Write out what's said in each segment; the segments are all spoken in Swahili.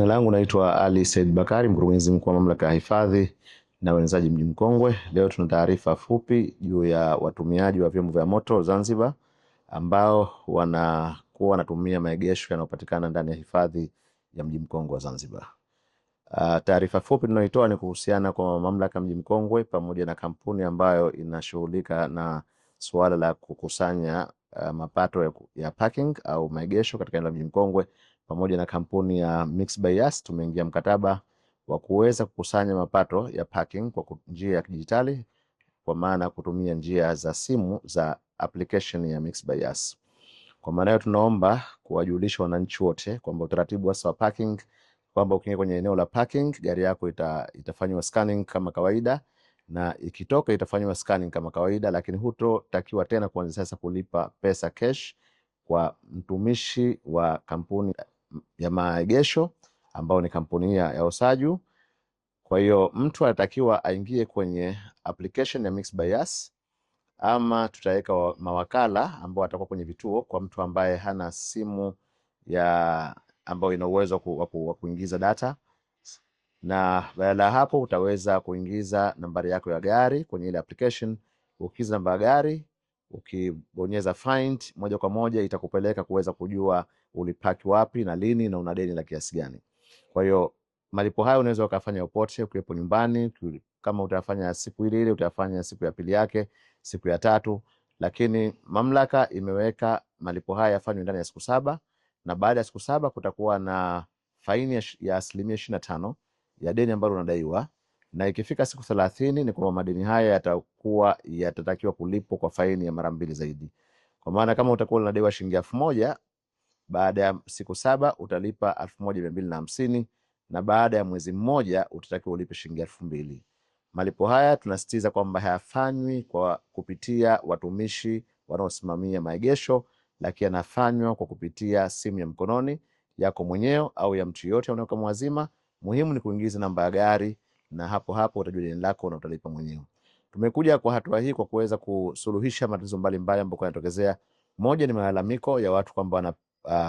Jina langu naitwa Ali Said Bakari, mkurugenzi mkuu wa mamlaka ya hifadhi na uendeshaji mji Mkongwe. Leo tuna taarifa fupi juu ya watumiaji wa vyombo vya moto Zanzibar ambao wanakuwa wanatumia maegesho yanayopatikana ndani ya hifadhi ya mji Mkongwe wa Zanzibar. Uh, taarifa fupi tunayoitoa ni kuhusiana kwa mamlaka mji Mkongwe pamoja na kampuni ambayo inashughulika na suala la kukusanya Eh, mapato ya, ya parking au maegesho katika eneo la Mji Mkongwe pamoja na kampuni ya Mix by Us tumeingia mkataba wa kuweza kukusanya mapato ya parking kwa njia ya kidijitali kwa maana kutumia njia za simu za application ya Mix by Us. Kwa maana hiyo tunaomba kuwajulisha wananchi wote kwamba utaratibu hasa wa parking kwamba ukiingia kwenye eneo la parking gari yako ita, itafanywa scanning kama kawaida na ikitoka itafanywa scanning kama kawaida, lakini hutotakiwa tena kuanzia sasa kulipa pesa cash kwa mtumishi wa kampuni ya maegesho ambao ni kampuni ya Osaju. Kwa hiyo mtu anatakiwa aingie kwenye application ya Mixx by Yas, ama tutaweka mawakala ambao watakuwa kwenye vituo kwa mtu ambaye hana simu ya ambayo ina uwezo wa kuingiza data na baada ya hapo utaweza kuingiza nambari yako ya gari kwenye ile application. Ukiza namba ya gari, ukibonyeza find, moja kwa moja itakupeleka kuweza kujua ulipaki wapi na lini na una deni la kiasi gani. Kwa hiyo malipo hayo unaweza ukafanya upote ukiwepo nyumbani. Kama utafanya siku ile ile, utafanya siku ya pili yake, siku ya tatu, lakini mamlaka imeweka malipo haya yafanywe ndani ya siku saba, na baada ya siku saba kutakuwa na faini ya asilimia ishirini na tano ya deni ambalo unadaiwa, na ikifika siku thelathini ni kwamba madeni haya yatakuwa yatatakiwa kulipwa kwa faini ya mara mbili zaidi. Kwa maana kama utakuwa unadaiwa shilingi elfu moja baada ya siku saba utalipa elfu moja mia mbili na hamsini na baada ya mwezi mmoja utatakiwa ulipe shilingi elfu mbili. Malipo haya tunasisitiza kwamba hayafanywi kwa kupitia watumishi wanaosimamia maegesho, lakini yanafanywa kwa kupitia simu ya mkononi yako mwenyewe au ya mtu yoyote unayokuwa mwazima Muhimu ni kuingiza namba ya gari na hapo hapo utajua deni lako na utalipa mwenyewe. Tumekuja kwa hatua hii kwa kuweza kusuluhisha matatizo mbalimbali ambayo yanatokezea. Moja ni malalamiko ya watu kwamba wana,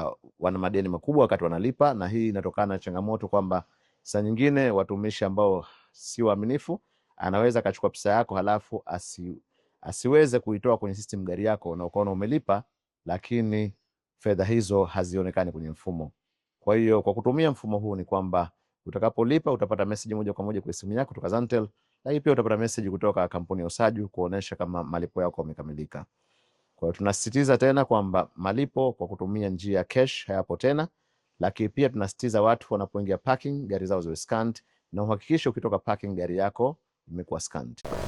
uh, wana madeni makubwa wakati wanalipa, na hii inatokana na changamoto kwamba saa nyingine watumishi ambao si waaminifu, anaweza akachukua pesa yako halafu asi, asiweze kuitoa kwenye system gari yako na ukaona umelipa, lakini fedha hizo hazionekani kwenye mfumo. Kwa hiyo kwa kutumia mfumo huu ni kwamba Utakapolipa utapata message moja kwa moja kwa simu yako kutoka Zantel, lakini pia utapata message kutoka kampuni ya Usaju kuonesha kama malipo yako yamekamilika. Kwa hiyo tunasisitiza tena kwamba malipo kwa kutumia njia ya cash hayapo tena, lakini pia tunasisitiza watu wanapoingia parking gari zao ziwe scanned, na uhakikishe ukitoka parking gari yako imekuwa scanned.